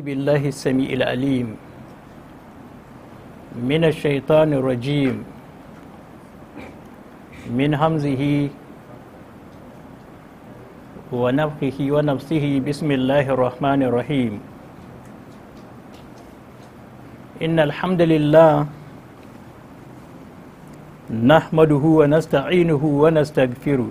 بالله السميع العليم من الشيطان الرجيم من همزه ونفخه ونفسه بسم الله الرحمن الرحيم إن الحمد لله نحمده ونستعينه ونستغفره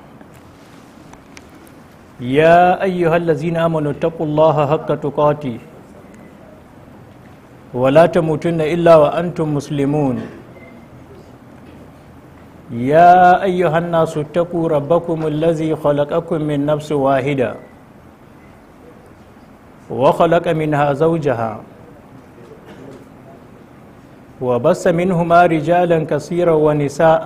يا أيها الذين آمنوا اتقوا الله حق تقاته ولا تموتن إلا وأنتم مسلمون يا أيها الناس اتقوا ربكم الذي خلقكم من نفس واحدة وخلق منها زوجها وبس منهما رجالا كثيرا ونساء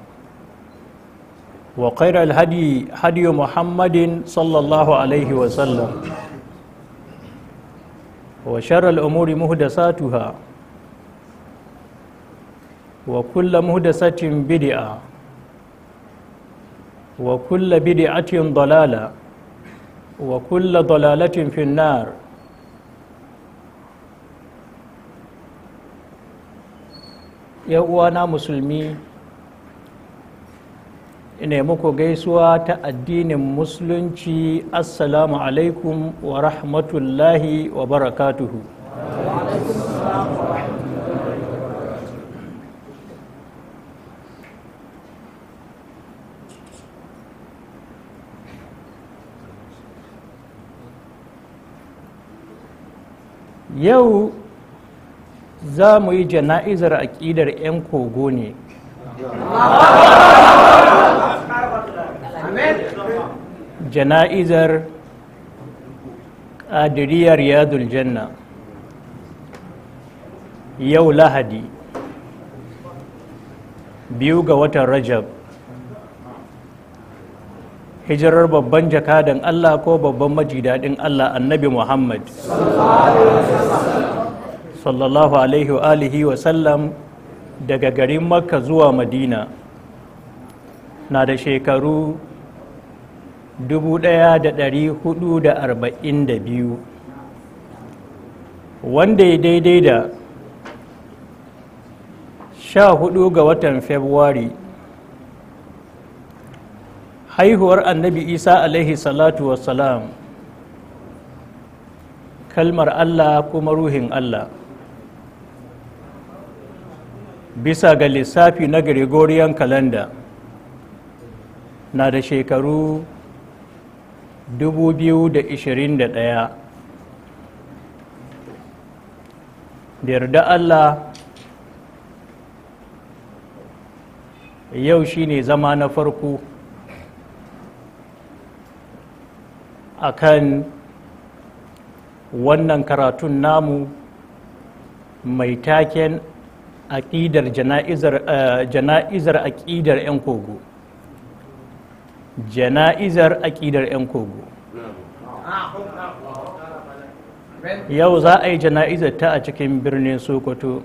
وخير الهدي هدي محمد صلى الله عليه وسلم وشر الأمور مهدساتها وكل مهدسة بدعة وكل بدعة ضلالة وكل ضلالة في النار يا أوانا مسلمين ina muku gaisuwa ta addinin musulunci assalamu alaikum wa rahmatullahi wa barakatuhu yau za mu yi jana'izar aƙidar 'yan kogo ne jana'izar ƙadiriyar yadul janna yau lahadi biyu ga watan rajab hijirar babban jakadan allah ko babban majidadin allah annabi muhammad sallallahu alaihi wa sallam daga garin makka zuwa madina na da shekaru 1442 wanda ya daidai da 14 ga watan februari haihuwar annabi isa alaihi salatu wassalam kalmar allah kuma ruhin allah bisa ga lissafi na gregorian calendar na da shekaru 2021 da yarda allah yau shine zama na farko a kan wannan karatun namu mai taken aƙidar jana'izar eh, aƙidar 'yan kogo jana'izar aƙidar 'yan kogo yau za a yi jana'izar ta a cikin birnin sokoto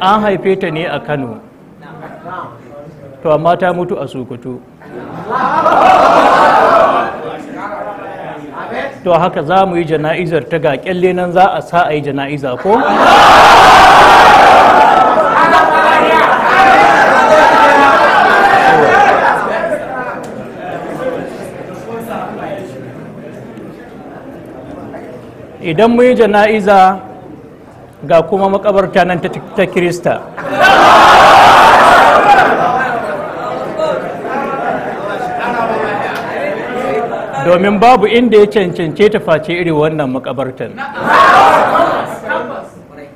an haife ta ne a kano to amma ta mutu a sokoto to haka za mu yi jana'izar ta ga kyalle nan za a sa a yi jana'iza ko idan mu yi jana'iza ga kuma makabarta nan ta kirista domin babu inda ya cancance ta face iri wannan makabartar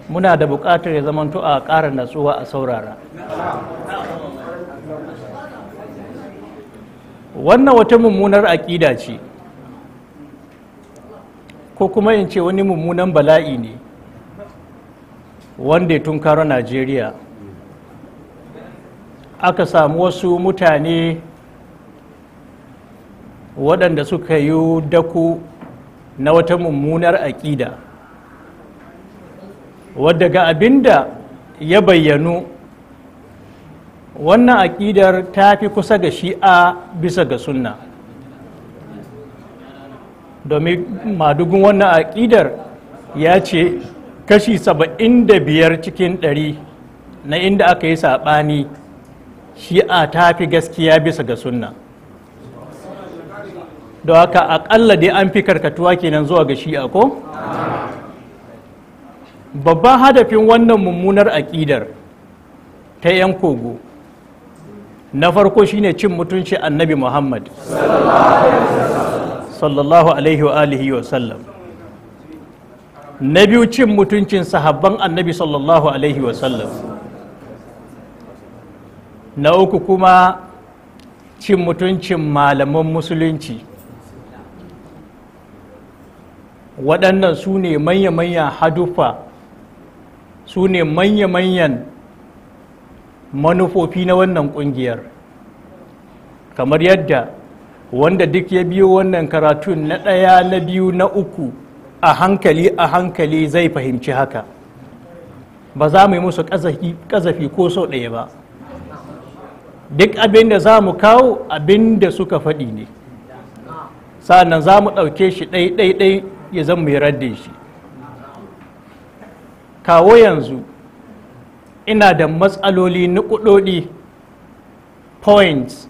muna da buƙatar ya zamanto a ƙara natsuwa a saurara wannan wata mummunar aƙida ce ko kuma in ce wani mummunan bala'i ne wanda ya tunkaro najeriya aka samu wasu mutane waɗanda suka yi daku na wata mummunar aƙida wadda ga abin da ya bayyanu wannan aƙidar ta fi kusa ga shi'a bisa ga sunna domin madugun wannan aƙidar ya ce kashi saba'in da biyar cikin ɗari na inda aka yi saɓani shi'a ta fi gaskiya bisa ga sunna da haka akalla dai an fi karkatuwa kenan zuwa ga shi'a ko babban hadafin wannan mummunar aƙidar ta 'yan kogo na farko shine cin mutunci annabi muhammad sallallahu alaihi wa alihi wa sallam na biyu cin mutuncin sahabban annabi sallallahu alaihi wa sallam na uku kuma cin mutuncin malaman musulunci waɗannan su ne manya-manyan hadufa su ne manya-manyan manufofi na wannan ƙungiyar kamar yadda wanda duk ya biyo wannan karatun na ɗaya na biyu na uku a hankali a hankali zai fahimci haka ba za mu yi musu ƙazafi ko sau ɗaya ba duk abin da za mu kawo abin da suka faɗi ne sa'annan za mu ɗauke shi ɗai-ɗai ya zan mai radde shi kawo yanzu ina da matsaloli nukudodi points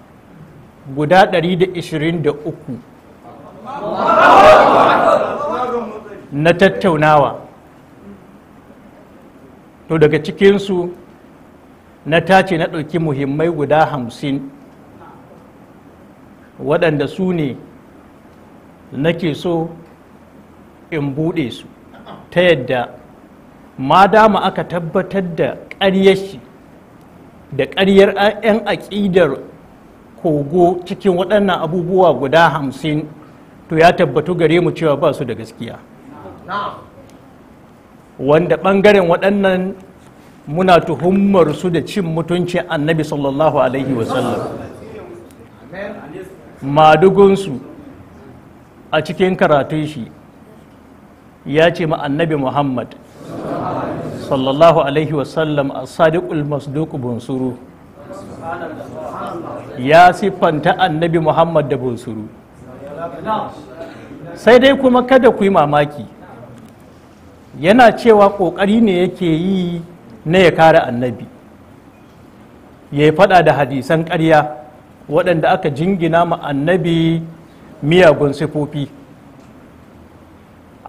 guda 123 na tattaunawa to daga cikinsu na tace na ɗauki muhimmai guda hamsin waɗanda su ne nake so in buɗe su ta yadda ma dama aka tabbatar da ƙaryar shi da ƙaryar 'yan aƙidar kogo cikin waɗannan abubuwa guda hamsin to ya tabbatu gare mu cewa ba su da gaskiya wanda ɓangaren waɗannan muna tuhummar su da cin mutunci annabi sallallahu alaihi wasallam madugunsu a cikin karatun shi ya ce ma annabi muhammad sallallahu alaihi wasallam a sadiqul masduq bunsuru ya siffanta annabi muhammad da bunsuru sai dai kuma kada ku yi mamaki yana cewa ƙoƙari ne yake yi na ya kare annabi ya yi faɗa da hadisan ƙarya waɗanda aka jingina ma annabi miyagun sifofi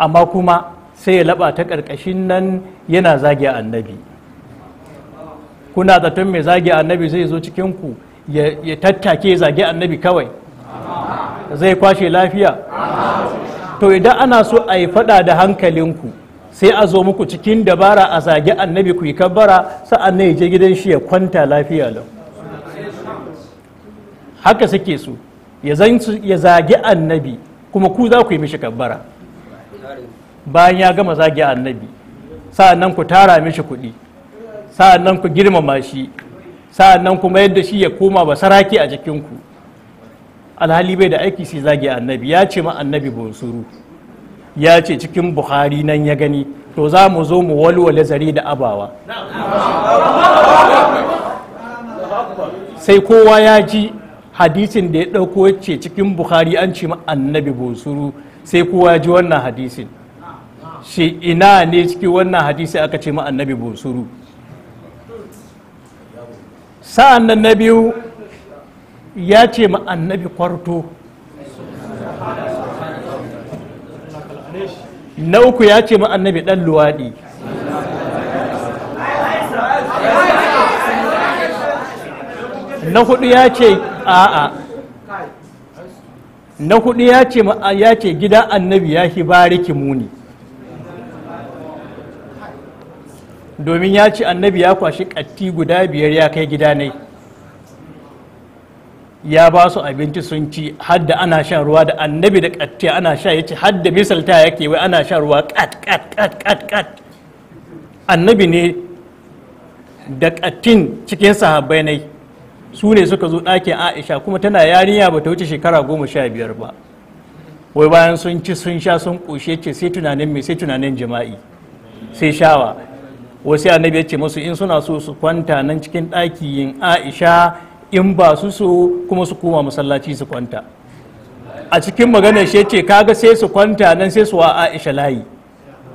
amma kuma sai ya laba ta ƙarƙashin nan yana zagi annabi kuna zaton mai zagi annabi zai zo cikinku ya tattake zagi annabi kawai zai kwashe lafiya to idan ana so a yi fada da hankalinku sai a zo muku cikin dabara a zagi annabi ku yi kabbara sa'an na je gidan shi ya kwanta lafiya lau haka suke so ya zage annabi kuma ku za ku yi mishi kabbara bayan ya gama zagi annabi sa'annan ku tara mishi kuɗi sa'annan ku girmama shi sa'annan kuma yadda shi ya koma ba saraki a jikinku alhali bai da aiki sai zagi annabi ya ce ma annabi bonsuru ya ce cikin buhari nan ya gani to za mu zo mu walwale zare da abawa sai kowa ya ji hadisin da ya ɗauko ce cikin buhari an ce ma annabi bonsuru. sai kowa ji wannan hadisin shi ina ne ciki wannan hadisi aka ce ma annabi bunsuru sa'an nan na biyu ya ce ma annabi kwarto na uku ya ce ma annabi dan luwaɗi na hudu ya ce a'a na hudu ya ce gida annabi ya shi bariki muni domin ya ce annabi ya kwashi katti guda biyar ya kai gida ne ya ba su abinci sun ci hadda ana shan ruwa da annabi da katti ana sha ya ce hadda misalta yake wai ana shan ruwa kat kat kat kat kat annabi ne da ƙattin cikin sahabbai ne su ne suka zo ɗakin aisha kuma tana yarinya ba ta wuce shekara goma sha biyar ba wai bayan sun ci sun sha sun ƙoshe ce sai tunanin mai sai tunanin jima'i sai shawa wasu annabi ya ce masu in suna so su kwanta nan cikin ɗaki yin aisha in ba su so kuma su koma masallaci su kwanta a cikin maganar shi ce kaga sai su kwanta nan sai su wa aisha layi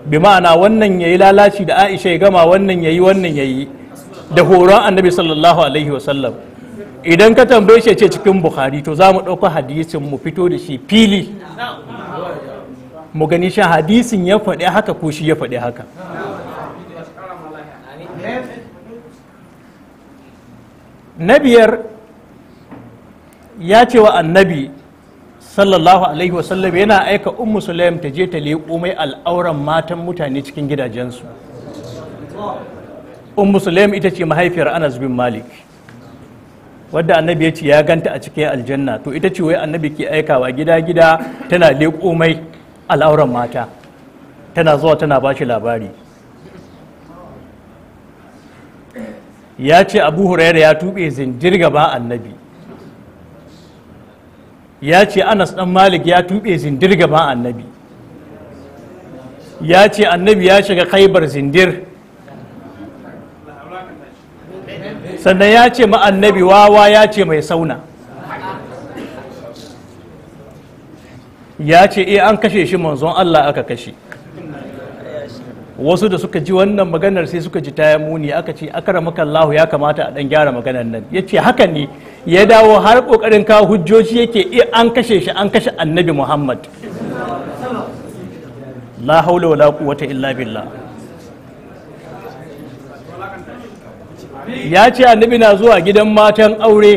bi ma'ana wannan yayi lalaci da aisha ya gama wannan yayi wannan yayi da horon annabi sallallahu alaihi wasallam idan ka tambaye shi ce cikin bukhari to za mu ɗauka hadisin mu fito da shi fili mu gani shi hadisin ya faɗi haka ko shi ya faɗi haka na ya ce wa annabi sallallahu alaihi wasallam yana aika ummu sulaim ta je ta leƙo mai al'auran matan mutane cikin gidajensu ummu sulaim ita ce mahaifiyar anas bin malik wadda annabi ya ce ya ganta a cikin aljanna to ita ce wai annabi ke aikawa gida gida tana leƙo mai al'auran mata tana zuwa tana ba shi labari ya ce abu ya tuɓe zinjir gaba annabi ya ce anas ɗan malik ya tuɓe zindir gaba annabi ya ce annabi ya shiga kaibar zindir sannan ya ce ma annabi wawa ya ce mai sauna ya ce eh an kashe shi manzon Allah aka kashe wasu da suka ji wannan maganar sai suka ji ta muni aka ce akramaka Allah ya kamata a dan gyara maganar nan yace haka ne ya dawo har kokarin ka hujjoji yake eh an kashe shi an kashe annabi Muhammad la haula wala quwwata illa billah ya ce annabi na zuwa gidan matan aure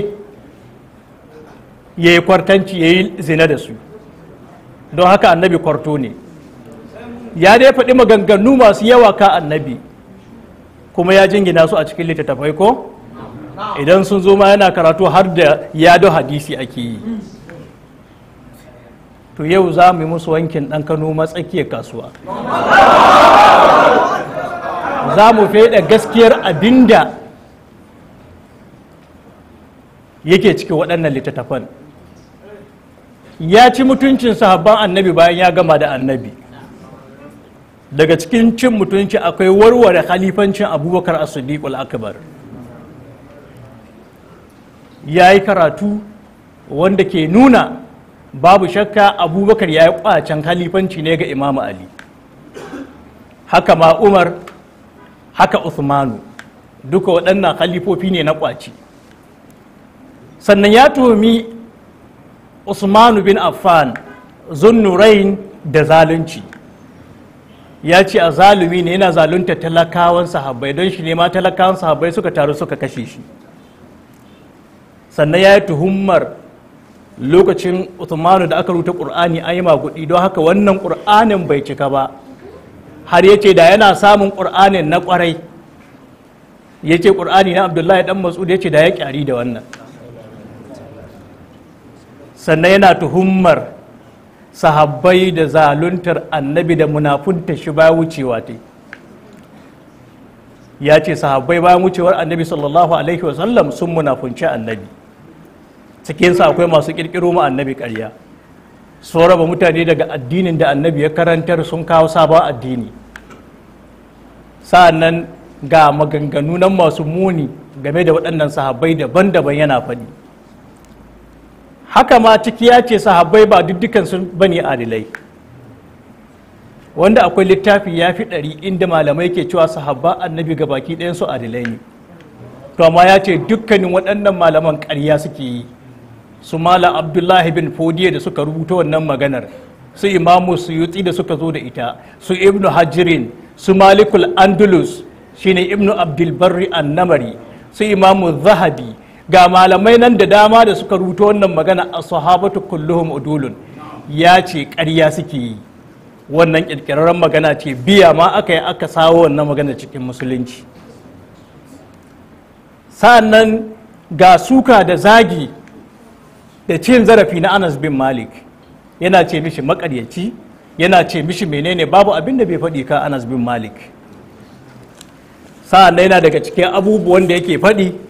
ya yi kwartanci ya yi zina da su don haka annabi kwarto ne ya dai faɗi maganganu masu yawa ka annabi kuma ya jingina su a cikin littattafai ko idan sun zo ma yana karatu har da yado hadisi ake yi to yau za mu yi musu wankin ɗan kano matsakiyar kasuwa za mu faɗa gaskiyar abinda yake cikin waɗannan littattafan ya ci mutuncin sahabban annabi bayan ya gama da annabi daga cikin cin mutunci akwai warware khalifancin abubakar as akbar ya yi karatu wanda ke nuna babu shakka abubakar ya yi kwacen khalifanci ne ga imamu ali haka ma umar haka usmanu duka waɗannan khalifofi ne na kwaci. sannan ya tuhumi usmanu bin affan zunnurain da zalunci ya ce a zalumi ne yana zalunta talakawan sahabbai don shi ne ma talakawan sahabbai suka taru suka kashe shi sannan ya yi tuhummar lokacin usmanu da aka rubuta ƙur'ani an yi maguɗi don haka wannan ƙur'anin bai cika ba har ya ce da yana samun ƙur'anin na ƙwarai ya ce ƙur'ani na abdullahi dan da ya ce da ya ƙyari da wannan sannan yana tuhumar sahabbai da zaluntar annabi da munafunta shi bayan wucewa ta ya ce sahabbai bayan wucewar annabi sallallahu alaihi wasallam sun munafunci annabi cikinsa akwai masu kirkiro ma annabi karya sun raba mutane daga addinin da annabi ya karantar sun kawo sabon addini sa'annan ga maganganu nan masu muni game da waɗannan sahabbai daban-daban yana faɗi haka ma ciki ya ce sahabbai ba dukkan sun bane adilai wanda akwai littafi ya fi ɗari inda malamai ke cewa sahabba annabi ga baki ɗayan su adilai ne to amma ya ce dukkanin waɗannan malaman ƙarya suke yi su mala abdullahi bin fodiyar da suka rubuta wannan maganar su imamu yutsi da suka zo da ita su ibnu hajirin su malikul andalus shine ibnu abdulbarri annamari su imamu zahabi ga malamai nan da dama da suka rubuta wannan magana a sahabatu kulluhum udulun ya ce ƙarya suke yi wannan ƙirƙirarren magana ce biya ma aka yi aka sawo wannan magana cikin musulunci sa'annan ga suka da zagi da cin zarafi na anas bin malik yana ce mishi makaryaci yana ce mishi menene babu abin da bai faɗi ka anas bin malik sa'annan yana daga cikin abubuwan da yake faɗi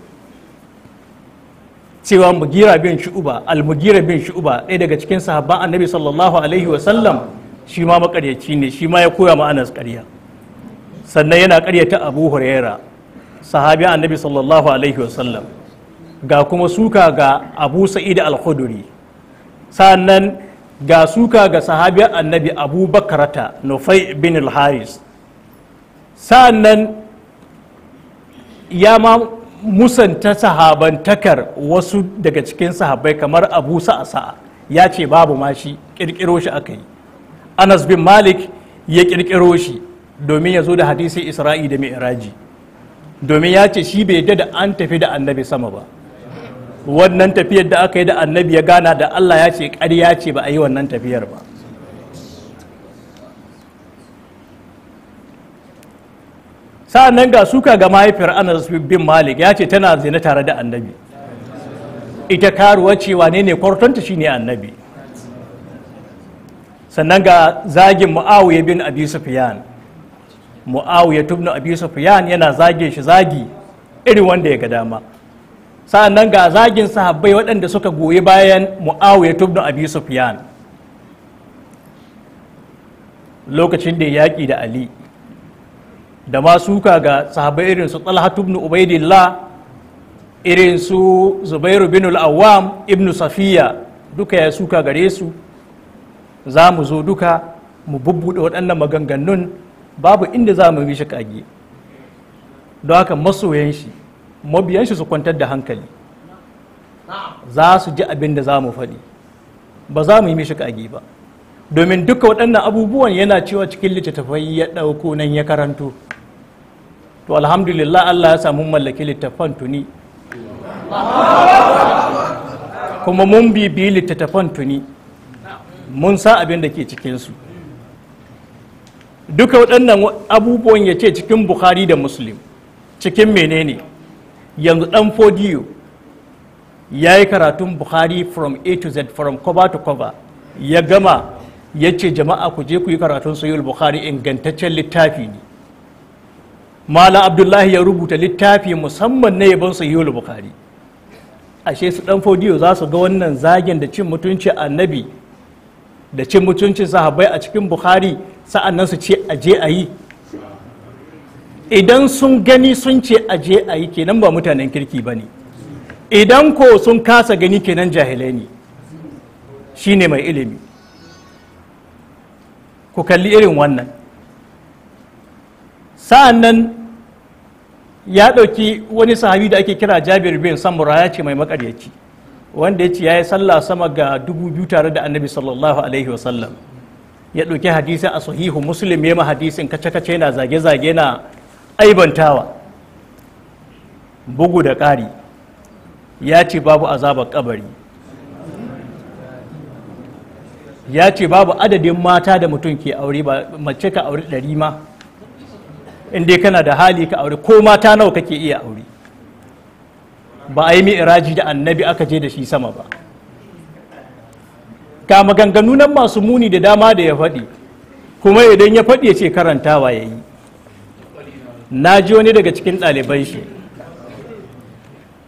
cewa mugira bin shu'uba al-mugira bin shu'uba ɗaya daga cikin sahabban annabi sallallahu alaihi wasallam shi ma makaryaci ne shi ma ya koya ma anas ƙarya sannan yana ta abu huraira sahabi annabi sallallahu alaihi wasallam ga kuma suka ga abu sa'id al-khuduri sannan ga suka ga sahabi annabi abu bakarata nufai bin al-haris sannan ya ma musanta sahabantakar wasu daga cikin sahabbai kamar abu sa'a ya ce babu ma shi kirkiro shi aka yi anas bin malik ya kirkiro shi domin ya zo da hadisi isra'i da mi'raji domin ya ce shi bai da an tafi da annabi sama ba wannan tafiyar da aka yi da annabi ya gana da allah ya ce ƙarya ce ba a yi wannan tafiyar ba sa'an nan ga suka ga mahaifiyar anas bin malik ya ce tana zina tare da annabi ita karuwa cewa ne ne kwartonta shine annabi sannan ga zagin mu'awiya bin abi sufyan mu'awiya ibn abi sufyan yana zage shi zagi irin wanda ya ga dama sa'an nan ga zagin sahabbai waɗanda suka goyi bayan mu'awiya ibn abi sufyan lokacin da ya yaƙi da ali da ma suka ga sahabai irin su talhatu ibn ubaidillah irin su zubairu bin al-awwam ibn safiya duka ya suka gare su za mu zo duka mu bubbuɗe waɗannan maganganun babu inda za mu yi shi kage don haka masoyan shi mabiyan shi su kwantar da hankali za su ji abin da za mu faɗi ba za mu yi mishi kage ba domin duka waɗannan abubuwan yana cewa cikin littattafai ya ɗauko nan ya karanto to alhamdulillah Allah ya samu mallaki littafan tuni kuma mun bibi littattafan tuni mun sa abin da ke cikinsu duka waɗannan abubuwan ya ce cikin bukhari da muslim cikin menene yanzu ɗan fodiyo ya yi karatun bukhari from a to z from cover to cover ya gama ya ce jama'a ku je ku yi karatun sayul bukhari ingantaccen littafi ne malam abdullahi ya rubuta littafi musamman na yabon sahihul bukhari ashe su dan fodiyo za su ga wannan zagin da cin mutunci annabi da cin mutuncin sahabbai a cikin bukhari sa'annan su ce aje a yi idan sun gani sun ce aje a yi kenan ba mutanen kirki ba ne idan ko sun kasa gani kenan jahilai ne shi ne mai ilimi ku kalli irin wannan sa'annan ya ɗauki wani sahabi da ake kira jabir bin samura ya ce mai makaryaci wanda ya ce ya yi sallah sama ga dubu biyu tare da annabi sallallahu alaihi wasallam ya ɗauki hadisin a sahihu muslim ya ma hadisin kace-kace na zage-zage na aibantawa bugu da ƙari ya ce babu azabar kabari ya ce babu adadin mata da mutum ke aure ba mace ka aure ɗari ma in dai kana da hali ka aure ko mata nawa kake iya aure ba a yi iraji da annabi aka je da shi sama ba ga maganganu nan masu muni da dama da ya faɗi kuma idan ya faɗi ya ce karantawa ya yi na ji wani daga cikin ɗaliban shi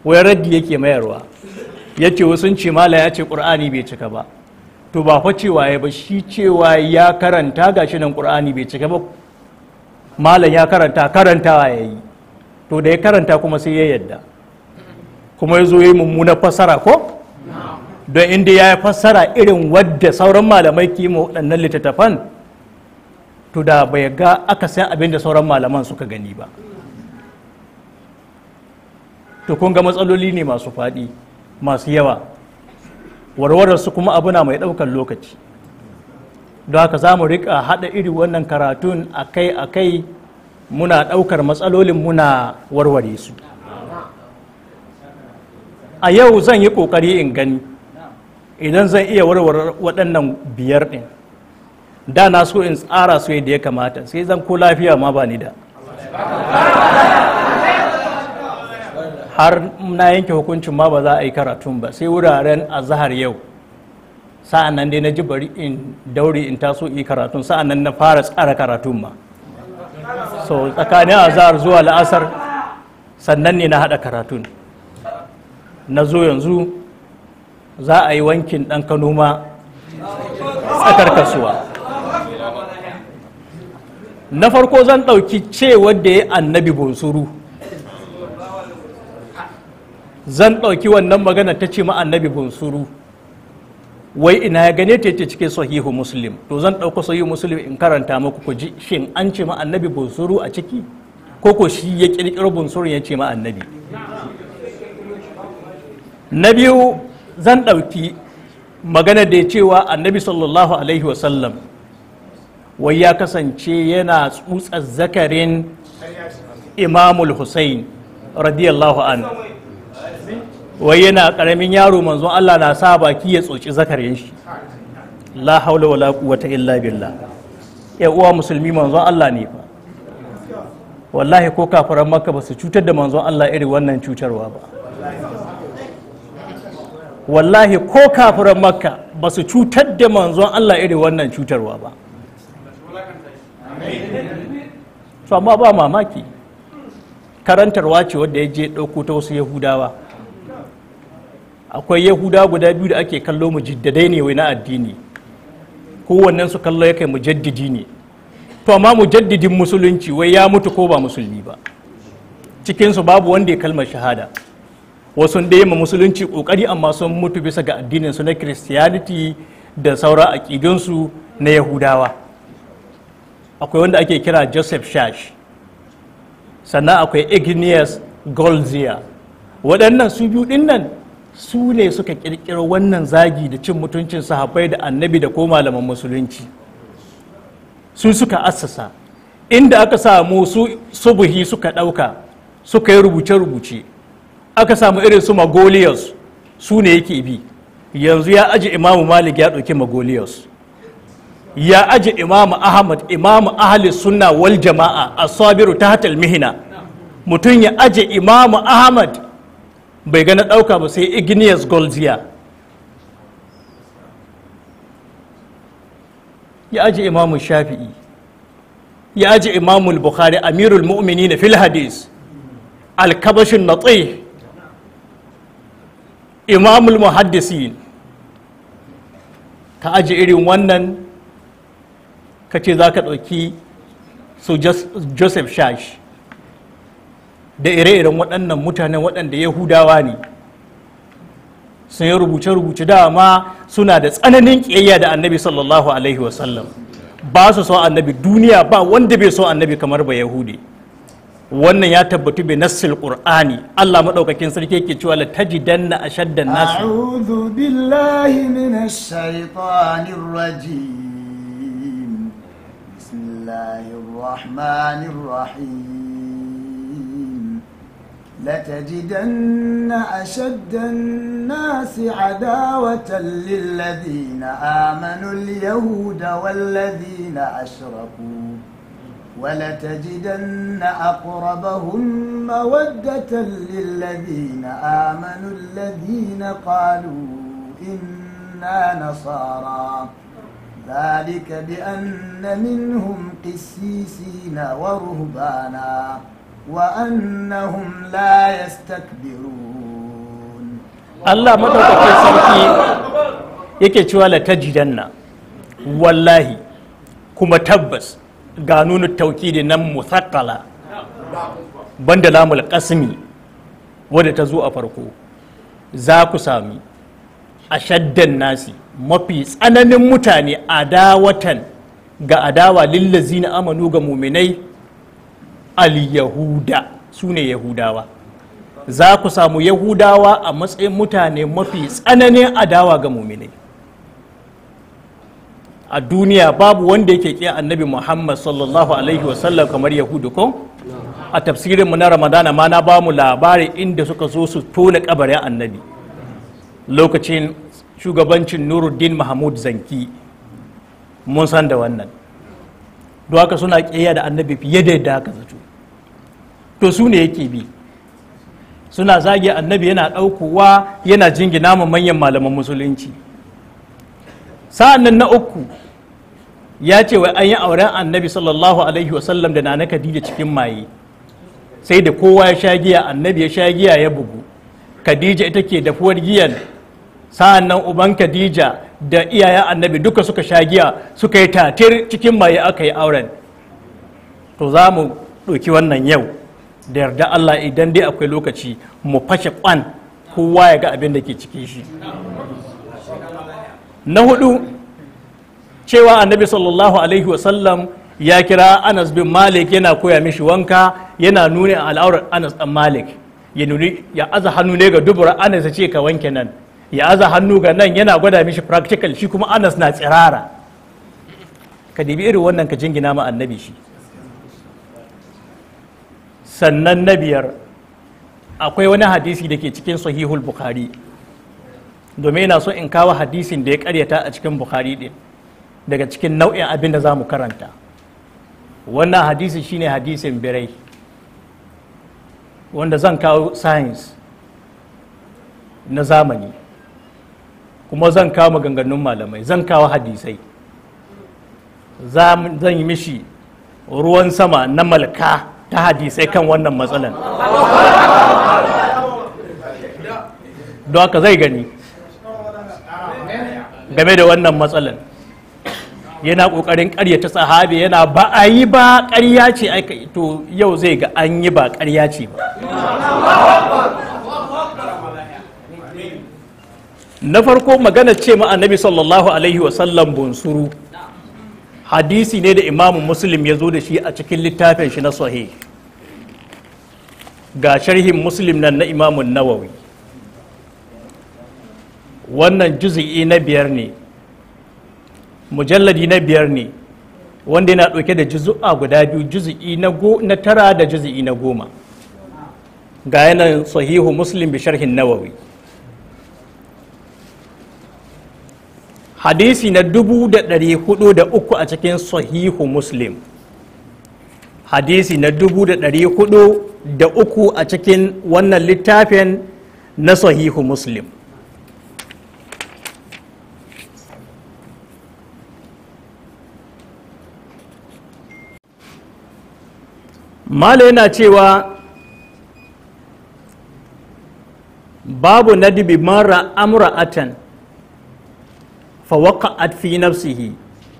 wayar raddi yake mayarwa ya ce wasu ce mala ya ce ƙur'ani bai cika ba to ba fa cewa ya ba shi cewa ya karanta gashi nan ƙur'ani bai cika ba malam ya karanta karanta ya yi to da ya karanta kuma sai ya yadda kuma ya zo ya yi mummunar fassara ko don inda ya fassara irin wadda sauran malamai ke yi waɗannan littattafan to da bai ga aka san abin da sauran malaman suka gani ba to kun ga matsaloli ne masu faɗi masu yawa warwararsu kuma abu na mai ɗaukar lokaci don haka za mu rika haɗa iri wannan karatun akai-akai muna ɗaukar matsalolin muna warware su a yau zan yi ƙoƙari in gani idan zan iya warware waɗannan biyar ɗin da na so in tsara su yadda ya kamata sai zan ko lafiya ma ba ni da har na yanke hukuncin ma ba za a yi karatun ba sai wuraren a zahar yau sa'an nan dai na ji bari in dauri in taso yi karatun sa'an nan na fara tsara karatu ma so tsakanin azar zuwa la'asar sannan ne na haɗa karatu na zo yanzu za a yi wankin ɗan kano ma tsakar kasuwa na farko zan ɗauki ce wadda ya annabi bunsuru zan ɗauki wannan magana ta ce ma annabi bunsuru wai ina ya gane ta yace cikin sahihu muslim to zan ɗauko sahihu muslim in karanta muku ku ji shin an ce ma annabi bunsuru a ciki ko ko shi ya kirkiro bunsuru ya ce ma annabi na biyu zan ɗauki magana da ya cewa annabi sallallahu alaihi wasallam wai ya kasance yana tsutsar zakarin imamul hussein radiyallahu anhu wai yana karamin yaro manzo Allah na sa baki ya tsoci zakarin shi la haula wala quwwata illa billah ya uwa musulmi manzo Allah ne fa wallahi ko kafiran makka ba su cutar da manzo Allah irin wannan cutarwa ba wallahi ko kafiran makka ba su cutar da manzo Allah irin wannan cutarwa ba to amma ba mamaki karantarwa ce wadda ya je ɗauko ta wasu yahudawa akwai yahuda guda biyu da ake kallo mujaddadai ne wai na addini kowannen su kallo ya kai mu jaddidi ne to amma mu jaddidin musulunci wai ya mutu ko ba musulmi ba cikinsu babu wanda ya kalmar shahada wasu da ma musulunci kokari amma sun mutu bisa ga addinin su na christianity da sauran aƙidunsu na yahudawa akwai wanda ake kira joseph shash sannan akwai igneous golzia waɗannan su biyu ɗin nan su ne suka kirkiro wannan zagi da cin mutuncin sahabbai da annabi da ko malaman musulunci su suka assasa inda aka samu su subuhi suka ɗauka suka yi rubuce-rubuce aka samu irin su Magolias su ne yake bi yanzu ya aji imamu malik ya ɗauki Magolias. ya aji imamu ahmad imamu ahli sunna wal jama'a a asabiru ta hatal mihina mutum ya aji imamu ahmad bai gana ɗauka ba sai igneous golgiya ya aji imamu shafi'i ya aji imamu bukhari amirul mu'mini na fil hadis alkabashin natsi imamul muhaddisi ka aji irin wannan ka ce za ka ɗauki su joseph shash da ire-iren waɗannan mutanen waɗanda yahudawa ne sun yi rubuce-rubuce dama suna da tsananin ƙiyayya da annabi sallallahu alaihi wasallam ba su son annabi duniya ba wanda bai so annabi kamar ba yahudi wannan ya tabbatu bai nassil qur'ani Allah maɗaukakin sarki yake cewa la tajidanna ashaddan nas a'udhu billahi minash shaitanir rahim لتجدن أشد الناس عداوة للذين آمنوا اليهود والذين أشركوا ولتجدن أقربهم مودة للذين آمنوا الذين قالوا إنا نصارى ذلك بأن منهم قسيسين ورهبانا وأنهم لا يستكبرون الله ما تقول سركي yake cewa la tajidanna wallahi kuma tabbas ga nuna taukidi nan musakkala banda lamul wadda ta zo a farko za ku sami ashaddan nasi mafi tsananin mutane adawatan ga adawa lillazina amanu ga muminai al-yahuda su ne yahudawa za ku samu yahudawa a matsayin mutane mafi tsananin adawa ga muminai a duniya babu wanda yake ƙi annabi muhammad sallallahu alaihi wasallam kamar yahudu ko a tafsirin mu na ramadana ma na ba mu labari inda suka zo su tona kabarin annabi lokacin shugabancin nuruddin mahmud zanki mun san da wannan don haka suna ƙiyayya da annabi fiye da yadda aka zato to su ne yake bi suna zage annabi yana ɗaukowa yana jingina mu manyan malaman musulunci sa'an na uku ya ce wai an yi auren annabi sallallahu alaihi wasallam da nana khadija cikin maye sai da kowa ya sha giya annabi ya sha giya ya bugu khadija ita ke dafuwar giyan sa'annan uban khadija da iyayen annabi duka suka sha giya suka yi tatir cikin maye aka yi auren to za mu ɗauki wannan yau da yarda Allah idan dai akwai lokaci mu fashe kwan kowa ya ga abin da ke ciki shi na hudu cewa annabi sallallahu alaihi wasallam ya kira anas bin malik yana koya mishi wanka yana nuna al'aurar anas dan malik ya nuni ya aza hannu ne ga dubura anas ya ce ka wanke nan ya aza hannu ga nan yana gwada mishi practical shi kuma anas na tsirara ka dibi irin wannan ka jingina ma annabi shi sannan na biyar akwai wani hadisi da ke cikin sahihul bukhari domin yana so in kawo hadisin da ya karyata a cikin bukhari din daga cikin nau'in abin da za mu karanta wannan hadisi shine hadisin birai wanda zan kawo science na zamani kuma zan kawo maganganun malamai zan kawo hadisai zan yi mishi ruwan sama na malka ta hadisai kan wannan matsalan don haka zai gani game da wannan matsalan yana ƙoƙarin ta sahabi yana ba a yi ba ƙarya ce to yau zai ga an yi ba ƙarya ce ba na farko magana ce ma annabi sallallahu alaihi wasallam bunsuru hadisi ne da imamu muslim ya zo da shi a cikin littafin shi na sahih ga sharhin muslim nan na imamun nawawi wannan juzi'i na biyar ne mujalladi na biyar ne wanda yana ɗauke da juzu'a guda biyu juzi'i na tara da juzi'i na goma ga yanan sahihu muslim bi sharhin nawawi hadisi na dubu da ɗari hudu da uku a cikin sahihu muslim hadisi na dubu da ɗari hudu da uku a cikin wannan littafin na sahihu muslim mala yana cewa babu nadibi mara atan. fawaqa'at fi nafsihi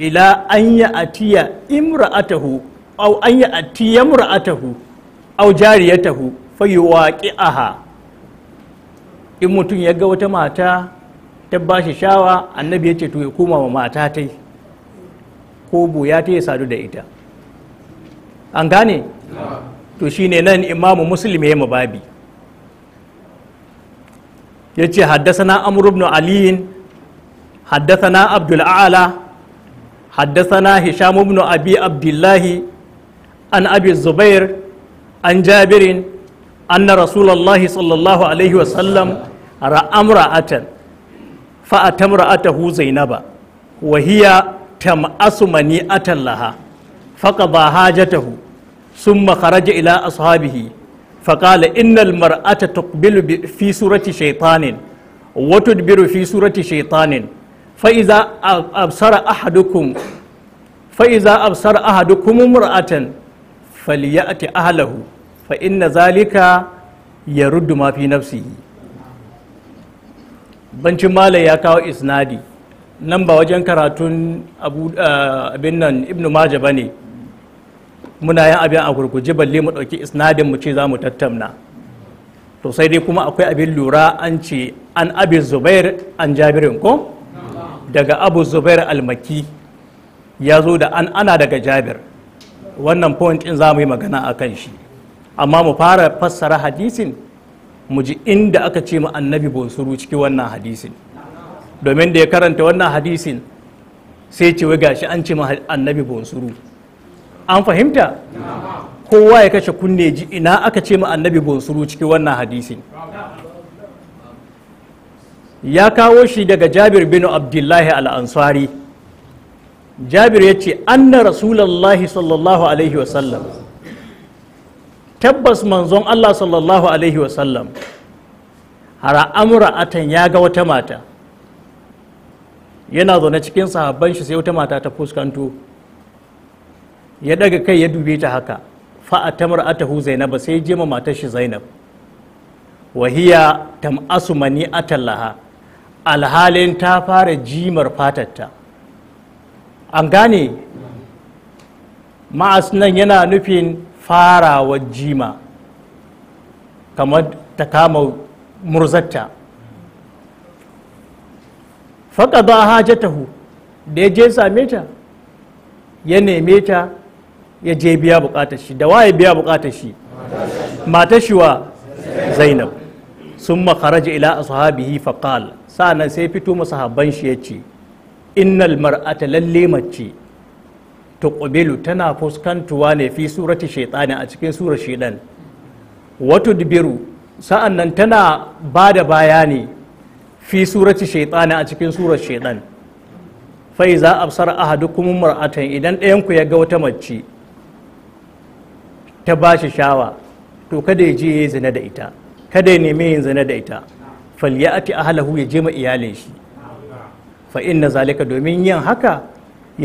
ila an ya'tiya imra'atahu au an ya'tiya imra'atahu aw jariyatahu fayuwaqi'aha in mutum ya ga wata mata ta bashi shawa annabi ya ce to ya koma wa mata ta ko boya ta ya sadu da ita an gane to ne nan imamu muslim ya mababi ya ce haddasa na amur ibn aliyin حدثنا عبد الأعلى حدثنا هشام بن أبي عبد الله عن أبي الزبير عن جابر أن رسول الله صلى الله عليه وسلم رأى امرأة فأتى امرأته زينب وهي تمأس منيئة لها فقضى حاجته ثم خرج إلى أصحابه فقال إن المرأة تقبل في سورة شيطان وتدبر في سورة شيطان fa'iza absara ahadukum fa'iza absara ahadukum mur'atan falyati ahlahu fa inna zalika yaruddu ma fi nafsihi bancin malai ya kawo isnadi nan ba wajen karatun abin nan ibnu maja ba ne muna yin abin a gurguje balle mu ɗauki isnadin mu ce za mu tattauna to sai dai kuma akwai abin lura an ce an abin zubair an jabirin ko daga abu zubair almaki ya zo da an ana daga jabir wannan point in za mu yi magana a kan shi amma mu fara fassara hadisin mu ji inda aka ce mu annabi bonsuru ciki wannan hadisin domin da ya karanta wannan hadisin sai ce wai gashi an ce annabi bonsuru an fahimta kowa ya kashe kunne ji ina aka ce mu annabi bonsuru ciki wannan hadisin ya kawo shi daga jabir bin abdullahi Al-Ansari. jabir ya ce anna rasulallahi sallallahu alaihi wasallam tabbas manzon allah sallallahu alaihi wasallam hara amura atan ya ga wata mata yana zaune cikin sahabban shi sai wata mata ta fuskanto ya daga kai ya dube ta haka fa'atamar atahu zainab sai je ma matar shi zainab wahiya tam'asu mani atallaha alhalin ta fara jimar fatatta an gane ma'as nan yana nufin farawa jima kamar ta kama murzatta faƙa ba hajatahu da ya je same ta ya neme ta ya je biya buƙatar shi da waye biya buƙatar shi matashiwa zainab sun makaraja ila ashabihi faqal sa'annan sai fito masa habban shi ya ce innal mar'ata lalle mace tuqbilu tana fuskantuwa ne fi surati shaitani a cikin surar shidan wato dibiru sa'annan tana ba da bayani fi surati shaitani a cikin surar fai fa a absara kuma mar'atan idan ɗayanku ya ga wata mace ta ba shi shawa to kada ya je ya zina da ita kada ya nemi yin zina da ita falyati ahlahu ya je ma iyalin shi fa inna zalika domin yin haka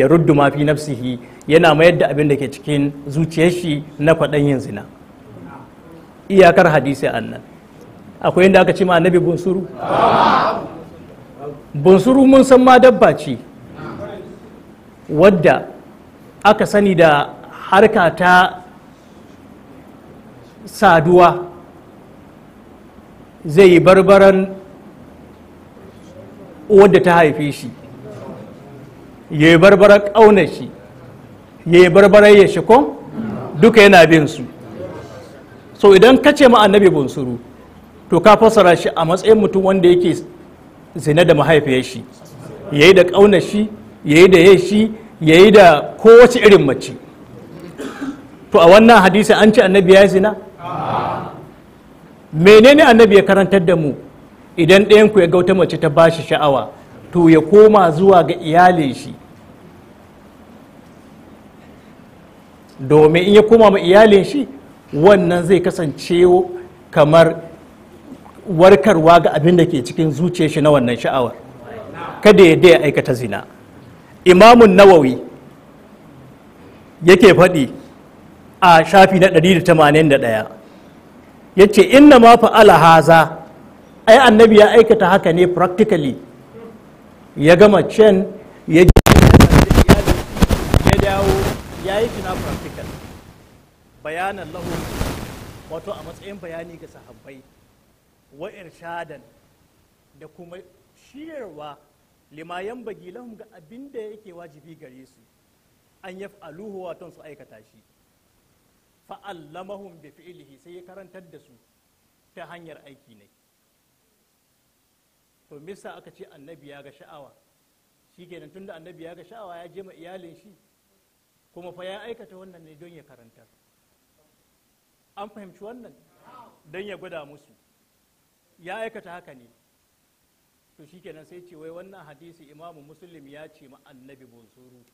ya ruddu ma fi nafsihi yana mayar da abin da ke cikin zuciyar shi na kwaɗan yin zina iyakar hadisi annan akwai inda aka ce ma annabi bunsuru bunsuru mun san ma dabba ce wadda aka sani da harka ta saduwa zai yi barbaran wadda ta haife shi ya yi barbaran ƙaunar shi ya yi barbaran ya shiko duka yana bin su so idan ka ce ma annabi bunsuru to ka fassara shi a matsayin mutum wanda yake zina da mahaifiyar shi ya yi da ƙaunar shi ya yi da ya shi ya yi da kowace irin mace to a wannan hadisi an ce annabi ya zina menene annabi ya karantar da mu idan ɗayanku ya ga mace ta bashi sha'awa to ya koma zuwa ga iyalin shi domin in ya koma ma iyalin shi wannan zai kasance kamar warkarwa ga abin da ke cikin zuciyar shi na wannan sha'awar kada ya daya aikata zina imamun nawawi yake faɗi a shafi na 181 ya ce inna ma fa'ala haza ai annabi ya aikata haka ne practically ya gama can ya ji ya dawo ya yi fina practical bayanan lahun wato a matsayin bayani ga sahabbai wa irshadan da kuma shiyarwa limayan bagi ga abinda da yake wajibi gare su an yaf aluhu wato su aikata shi fa'allamahum bi fi'lihi sai ya karantar da su ta hanyar aiki ne to misa aka ce annabi ya ga sha'awa shi kenan tunda annabi ya ga sha'awa ya je ma iyalin shi kuma fa ya aikata wannan ne don ya karantar an fahimci wannan don ya gwada musu ya aikata haka ne to shi kenan sai ce wai wannan hadisi imamu musulmi ya ce ma annabi bunsuru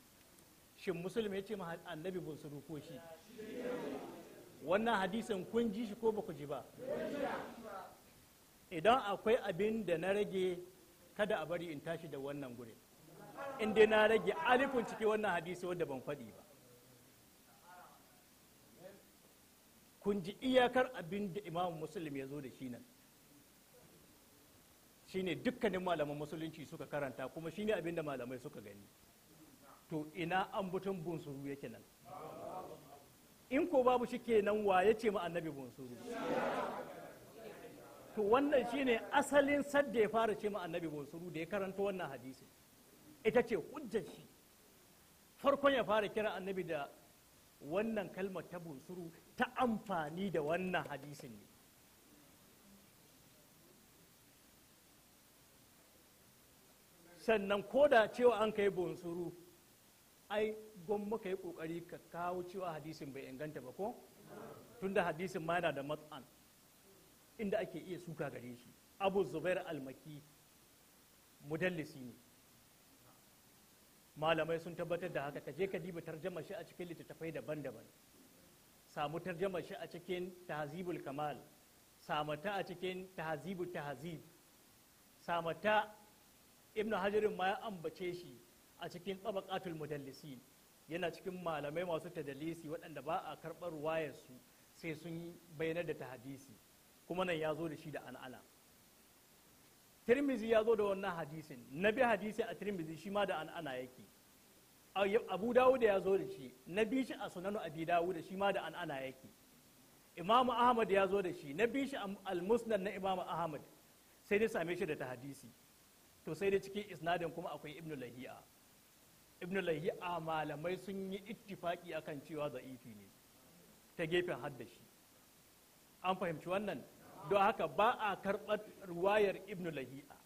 shin musulmi ya ce ma annabi bunsuru ko shi wannan hadisin kun ji shi ko ba ku ji ba idan akwai abin da na rage kada a bari in tashi da wannan gure inda na rage alifin ciki wannan hadisi wadda ban faɗi ba kun ji iyakar abin da imamu musulmi ya zo da shi nan shine dukkanin malaman musulunci suka karanta kuma shine abin da malamai suka gani to ina an butun bunsuru yake nan in ko babu shi kenan wa ya ce ma annabi bunsuru to wannan shine asalin sadda ya fara ce annabi bunsuru da ya karanta wannan hadisi ita ce hujjar shi farkon ya fara kira annabi da wannan kalmar ta bunsuru ta amfani da wannan hadisin ne sannan ko da cewa an kai bunsuru ai gwamma maka yi kokari ka kawo cewa hadisin bai inganta ba ko tunda hadisin ma yana da matsan inda ake iya suka gare shi abu zubair almaki mudallisi ne malamai sun tabbatar da haka kaje ka diba tarjama shi a cikin littattafai daban-daban samu tarjama shi a cikin tahzibul kamal samata a cikin tahzibul tahzib samata ibnu hajarin ma ya ambace shi a cikin tsabaqatul mudallisin yana cikin malamai masu tadalisi waɗanda ba a karɓar ruwayarsu sai sun bayyana da ta hadisi kuma nan ya zo da shi da an'ana tirmizi ya zo da wannan hadisin na bi hadisi a tirmizi shi ma da an'ana yake abu da ya zo da shi na bi shi a sunanu abi da shi ma da an'ana yake imamu ahmad ya zo da shi na bi shi al-musnad na imamu ahmad sai dai same shi da ta hadisi to sai dai cikin isnadin kuma akwai ibnu lahiya ibn lahi'a malamai sun yi ittifaki akan cewa za'ifi ne ta gefen haddashi an fahimci wannan don haka ba a karɓar ruwayar ibn lahi'a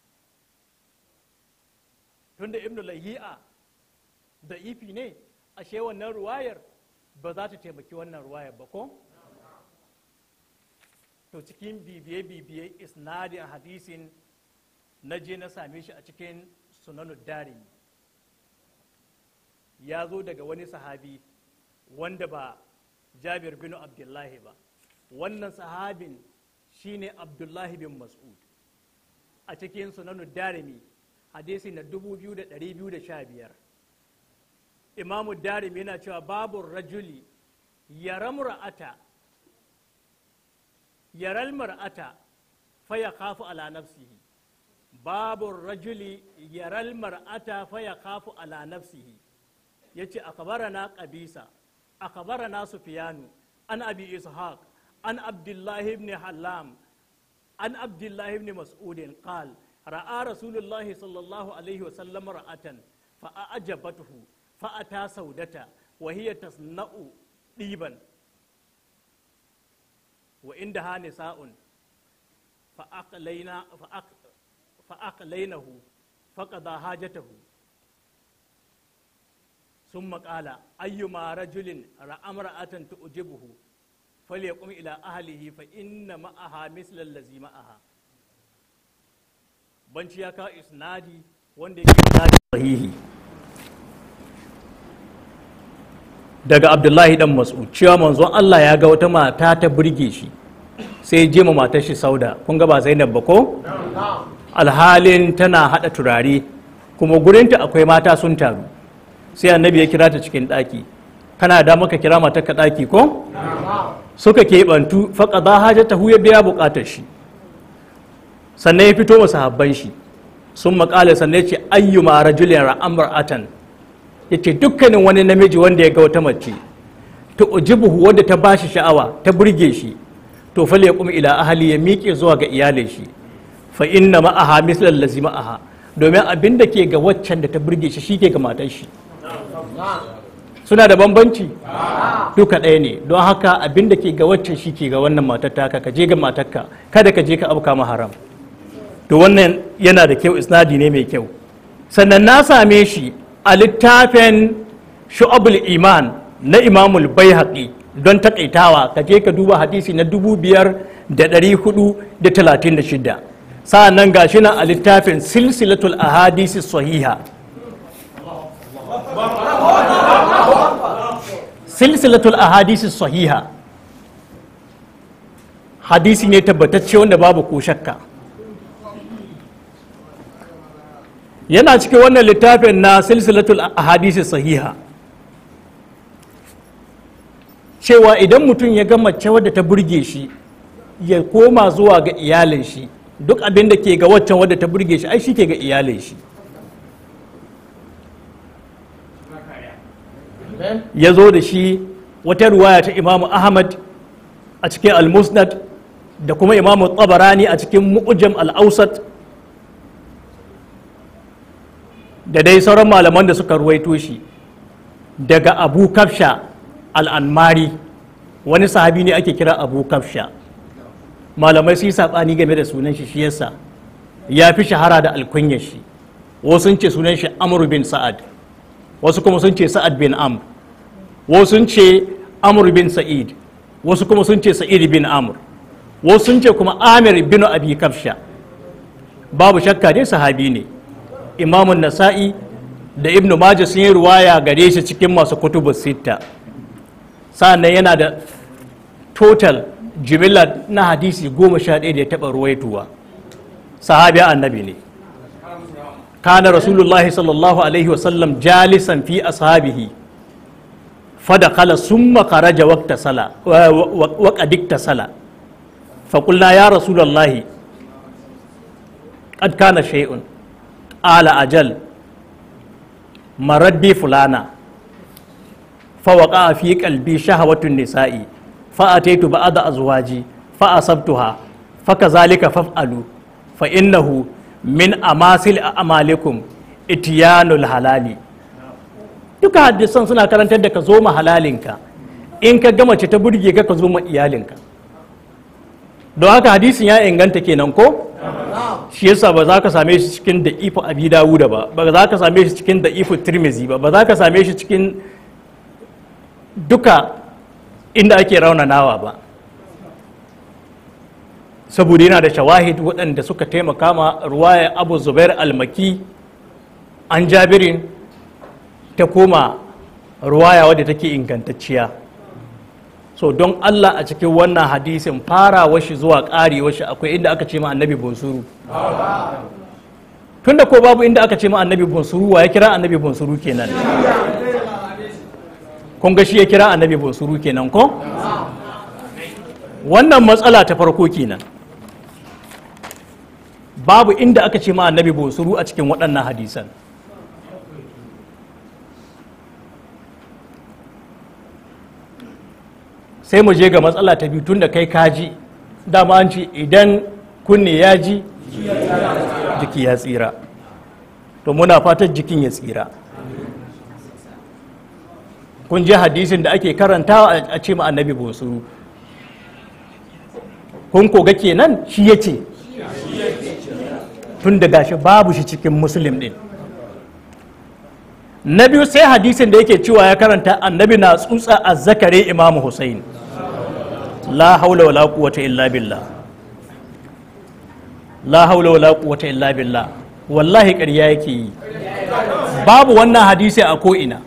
tunda ibn lahi'a za'ifi ne ashe wannan ruwayar ba za ta taimaki wannan ruwayar ba ko to cikin bibiye-bibiye isnadin hadisin na je na same shi a cikin sunanud darimi ya zo daga wani sahabi wanda ba jabir bin abdullahi ba wannan sahabin shine abdullahi bin mas'ud a cikin sunanu darimi hadisi na 2215 imamu darimi yana cewa babu rajuli ya ra'ata yaral mar'ata faya kafu ala nafsihi babu rajuli yaral mar'ata faya kafu ala nafsihi ya ce akabarana kabisa akabarana sufiyanu an abi ishaq an abdullahi ibn hallam an abdullahi ibn mas'udin qal ra'a rasulullahi sallallahu alaihi wa sallam ra'atan fa a'jabathu fa ata saudata wa hiya tasna'u diban wa inda ha nisa'un fa aqlaina fa aqlainahu fa qada hajatahu sun maƙala ayyuma rajulin ra'amra'atan tu'jibuhu falyaqum ila ahlihi fa inna ma'aha misla allazi banci ya kawo isnadi wanda yake isnadi sahihi daga abdullahi ɗan mas'ud cewa manzon Allah ya ga wata mata ta birge shi sai je ma matar shi sauda kun ga ba zainab ba ko alhalin tana haɗa turare kuma gurinta akwai mata sun taru sai annabi ya kira ta cikin daki kana da maka kira mata ka daki ko suka keɓantu faƙa za hu ya biya bukatar shi sannan ya fito masa habban shi sun makale sannan ya ce ayyuma rajulin ra'amar atan yace ce dukkanin wani namiji wanda ya ga wata mace ta ujibuhu wadda ta bashi sha'awa ta burge shi to fal ya kuma ila ahali ya miƙe zuwa ga iyalin shi fa inna ma'aha mislal lazima ma'aha domin abin da ke ga waccan da ta burge shi shi ke ga matar shi suna da bambanci duka ɗaya ne don haka abinda ke ga wacce shi ke ga wannan matar taka ka je ga matarka kada ka je ka abuka ma haram to wannan yana da kyau isnadi ne mai kyau sannan na same shi a littafin shu'abul iman na imamul bai don taƙaitawa ka je ka duba hadisi na dubu biyar da ɗari hudu da talatin da shida sa'an nan ga shi na a littafin silsilatul ahadisi sahiha silsilatul ahadisi sahiha hadisi ne tabbatacce wanda babu ko shakka yana cikin wannan littafin na silsilatul ahadisi sahiha cewa idan mutum ya gama wadda ta burge shi ya koma zuwa ga iyalin shi duk abinda ke ga waccan wadda ta burge shi ai shi ke ga iyalin shi ya zo da shi wata ruwaya ta imamu ahmad a cikin al-musnad da kuma imamu tsabarani a cikin mu'ujam al-ausat da dai sauran malaman da suka ruwaito shi daga abu kafsha al'anmari wani sahabi ne ake kira abu kafsha malamai su yi saɓani game da sunan shi shi yasa ya fi shahara da alkunyar shi wasu sun ce sunan shi amur bin sa'ad wasu kuma sun ce sa'ad bin amr wasu sun ce amr bin sa'id wasu kuma sun ce sa'id bin amr wasu sun ce kuma amir bin abi kafsha babu shakka dai sahabi ne imamun nasa'i da ibnu maji sun yi ruwaya gare shi cikin masu kutubu sita sa'annan yana da total jimillar na hadisi goma sha ɗaya da ya taɓa ruwaituwa sahabi annabi ne kana rasulullahi sallallahu alaihi wasallam jalisan fi ashabihi fadakala summa kharaja waqta sala waqadikta sala faqulla ya rasulullahi qad kana shay'un ala ajal maraddi fulana فوقع في قلبي شهوة النساء فأتيت بعض أزواجي فأصبتها فكذلك فافعلوا فإنه min amasil amalikum itiyanul halali duka hadisan suna karantar da ka zo ma halalinka in ka gama ce ta burge ka ka zo ma iyalinka don haka hadisin ya inganta kenan ko shi yasa ba za ka same shi cikin da ifu abi dawuda ba ba za ka same shi cikin da ifu tirmizi ba ba za ka same shi cikin duka inda ake raunanawa ba saboda yana da shawahid waɗanda suka taimaka ma ruwaya abu zubair almaki an jabirin ta koma ruwaya wadda take ingantacciya so don allah a cikin wannan hadisin fara washi zuwa ƙari washi akwai inda aka ce ma annabi bunsuru tunda ko babu inda aka ce ma annabi bunsuru wa ya kira annabi bunsuru kenan kun ga shi ya kira annabi bunsuru kenan ko wannan matsala ta farko kenan babu inda aka ce ma annabi bunsuru a cikin waɗannan hadisan sai mu je ga matsala ta biyu tun da kai kaji dama an ce idan kunne ya ji jiki ya tsira to muna fatan jikin ya tsira kun je hadisin da ake karanta a ce ma annabi bunsuru kun koga kenan shi ya ce tun da gashi babu shi cikin musulun ɗin. na biyu sai hadisin da yake cewa ya karanta annabi na tsutsa a zakare imamu hussein la haula wa wala quwwata illa billah la haula wala quwwata illa billah wallahi ƙarya yake yi babu wannan hadisi a ko'ina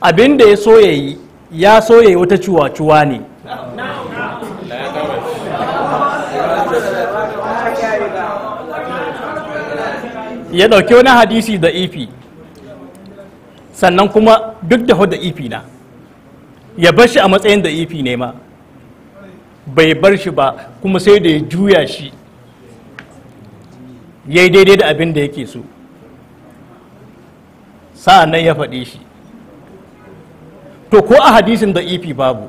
abinda ya so ya yi ya so wata cuwa-cuwa ne ya ɗauki wani hadisi da ifi sannan kuma duk da da ifi na ya bar shi a matsayin da ifi ne ma bai bar shi ba kuma sai da ya juya shi ya yi daidai da abin da yake so sa'a nan ya faɗi shi to ko a hadisin da ifi babu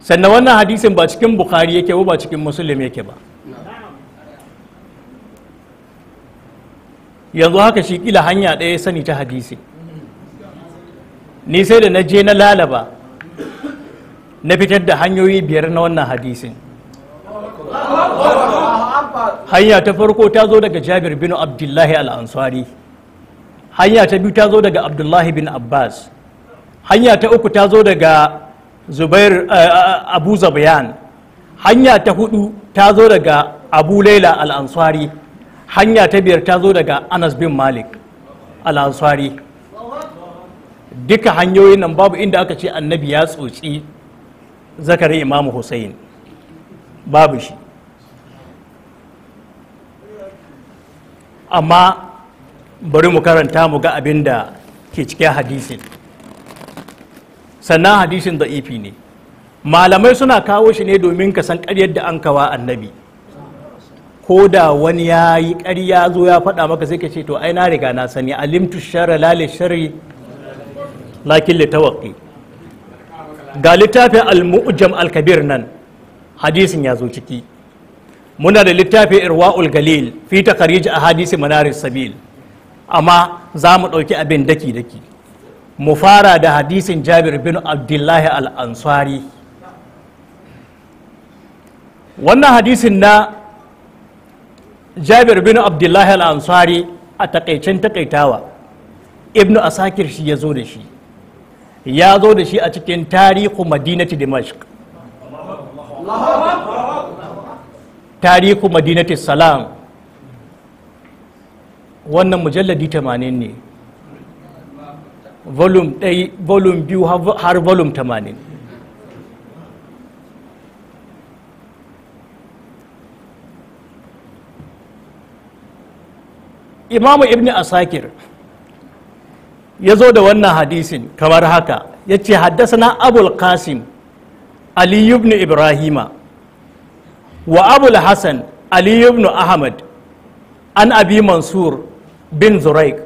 sannan wannan hadisin ba cikin bukhari yake ba ba cikin musulmi yake ba yanzu haka shi kila hanya ɗaya sani ta hadisi ni sai da na je na lalaba na fitar da hanyoyi biyar na wannan hadisin hanya ta farko ta zo daga jabir bin abdullahi al'ansari hanya ta biyu ta zo daga abdullahi bin abbas hanya ta uku ta zo daga zubair eh, abu zabayan hanya ta hudu ta zo daga abu laila al'ansari hanya ta biyar ta zo daga anas bin malik alansari duka hanyoyin nan babu inda aka ce annabi ya tsotsi zakarai imamu hussein babu shi amma bari mu karanta mu ga abin da ke cikin hadisin sannan hadisin da ifi ne malamai suna kawo shi ne domin ka san karyar da an kawa annabi ko da wani ya yi ƙarya zo ya faɗa maka sai ka ce to ai na riga na sani alimtu shara lale shari lakin litawaki ga littafin al-mu'jam al-kabir nan hadisin ya zo ciki muna da littafin irwa'ul galil fi takhrij ahadisi manaris sabil amma za mu ɗauki abin daki daki mu fara da hadisin jabir bin abdullahi al-ansari wannan hadisin na jabir bin abdullahi al-ansari a takaicin takaitawa ibnu asakir shi ya zo da shi ya zo da shi a cikin tarihu madinati dimashq tarihu madinati salam wannan mujalladi 80 ne volume 1 volume 2 har volume 80 imamu ibn asakir ya zo da wannan hadisin kamar haka ya ce haddasa abul qasim ali ibn ibrahima wa abul hassan ali ibn ahmad an abi mansur bin zuraik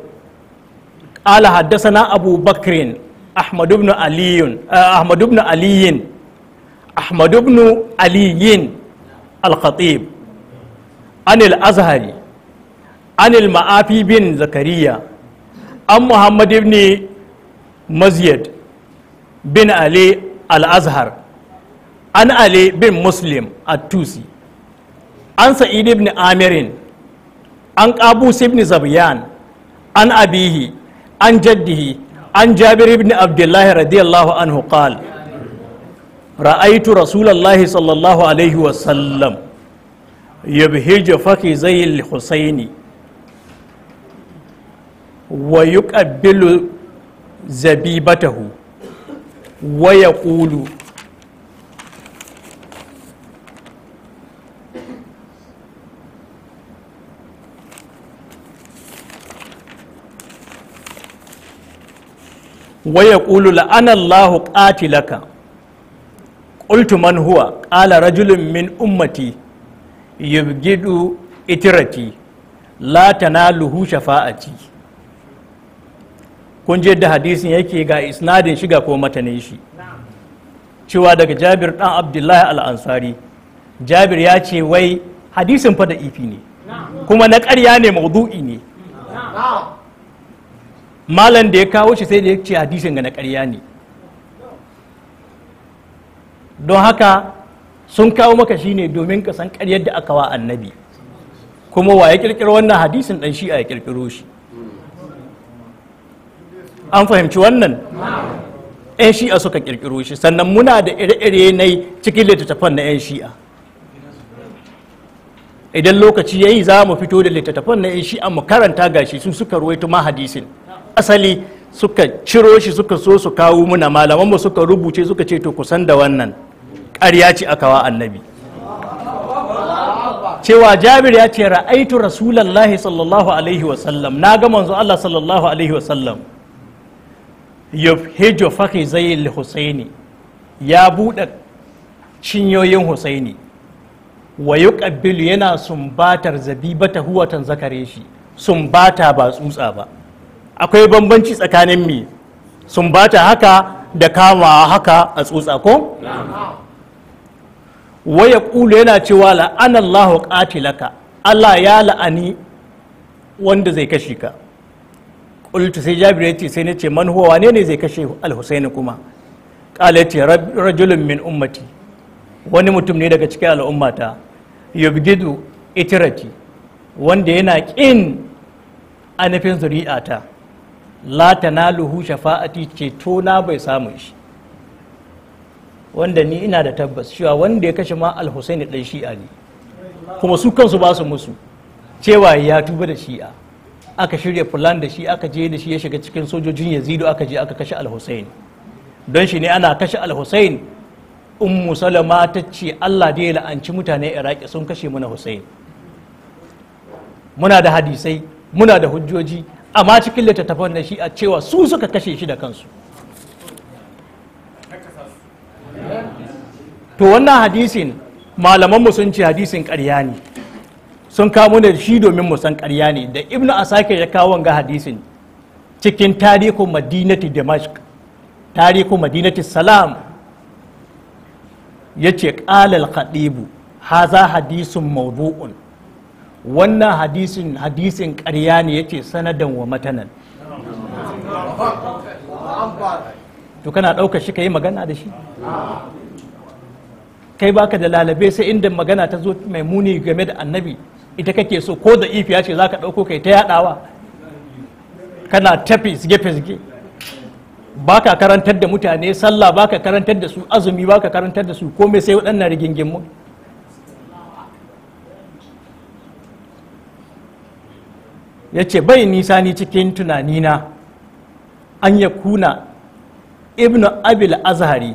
قال حدثنا أبو بكر أحمد aliyin علي أحمد بن علي anil ma'afi bin zakariya an muhammad ibn maziyad bin ali al-azhar an ali bin muslim at-tusi an sa'id ibn amirin an qabus ibn zabyan an abihi an jaddihi an jabir ibn abdullahi radiyallahu anhu qal ra'aytu rasulallahi sallallahu alaihi wasallam yabhiju fakizai al-husaini wa yuqabbilu zabibatahu wa yaqulu waya ƙulu la'anallahu ƙatilaka ƙultu man huwa ƙala rajulun min ummati yubgidu itirati la tanaluhu shafa'ati kun je da hadisin yake ga isnadin shiga ko mata ne shi cewa daga jabir dan abdullahi al-ansari jabir ya ce wai hadisin fa da ifi ne kuma na ƙarya ne maudu'i ne malam da ya kawo shi sai da ya ce hadisin ga na ƙarya ne don haka sun kawo maka shi ne domin ka san ƙaryar da aka wa annabi kuma wa ya ƙirƙiro wannan hadisin ɗan shi a ya ƙirƙiro shi an fahimci wannan yan shi'a suka kirkiro shi sannan muna da ire-ire na cikin littattafan na yan shi'a idan lokaci ya yi za mu fito da littattafan na yan shi'a mu karanta gashi su suka ruwaito ma asali suka ciro shi suka so su kawo muna mu suka rubuce suka ce to kusan da wannan ƙarya ce aka wa annabi cewa jabir ya ce ra'aitu rasulallahi sallallahu alaihi wasallam na ga manzo Allah sallallahu alaihi wasallam yufhijo zai zayil husaini ya buɗe cinyoyin husaini wa yuqabbilu yana sumbatar zabibata huwatan zakare shi sumbata ba tsutsa ba akwai bambanci tsakanin mi sumbata haka da kama haka a tsutsa ko waya ƙulu yana cewa la'anallahu ƙatilaka. Allah ya la'ani wanda zai kashe ka qultu sai jabir ce sai na man huwa wane ne zai kashe al kuma kala ce rajulun min ummati wani mutum ne daga cikin al'ummata yubgidu itirati wanda yana ƙin anafin zuri'ata la tanaluhu shafa'ati ce na bai samu shi wanda ni ina da tabbas cewa wanda ya kashe ma al dan shi'a ne kuma su kansu ba su musu cewa ya tuba da shi'a aka shirya fulan da shi aka je da shi ya shiga cikin sojojin yazidu aka je aka kashe al don shi ne ana kashe al-hussein ummu ta ce allah da ya la'anci mutane iraki sun kashe mana hussein muna da hadisai muna da hujjoji amma cikin littattafan da shi a cewa su suka kashe shi da kansu to wannan hadisin malamanmu sun ce hadisin ƙarya ne sun kamo da shi domin mu san ƙarya ne da ibnu asakir ya kawo ga hadisin cikin tarihi madinati damashq tarihin madinati salam yace ce ƙalal khadibu haza hadisun mawdu'un wannan hadisin hadisin ƙarya ne ya ce sanadan wa matanan to kana ɗauka shi ka yi magana da shi kai baka da lalabe sai inda magana ta zo mai muni game da annabi ita kake so ko da ifiya ce za ka ɗauko kai ta yaɗawa kana tafi zige-zige ba ka karantar da mutane sallah ba ka karantar da su azumi ba ka karantar da su komai sai waɗannan mu ya ce bai nisa ni cikin tunanina an ya kuna ibnu abil azhari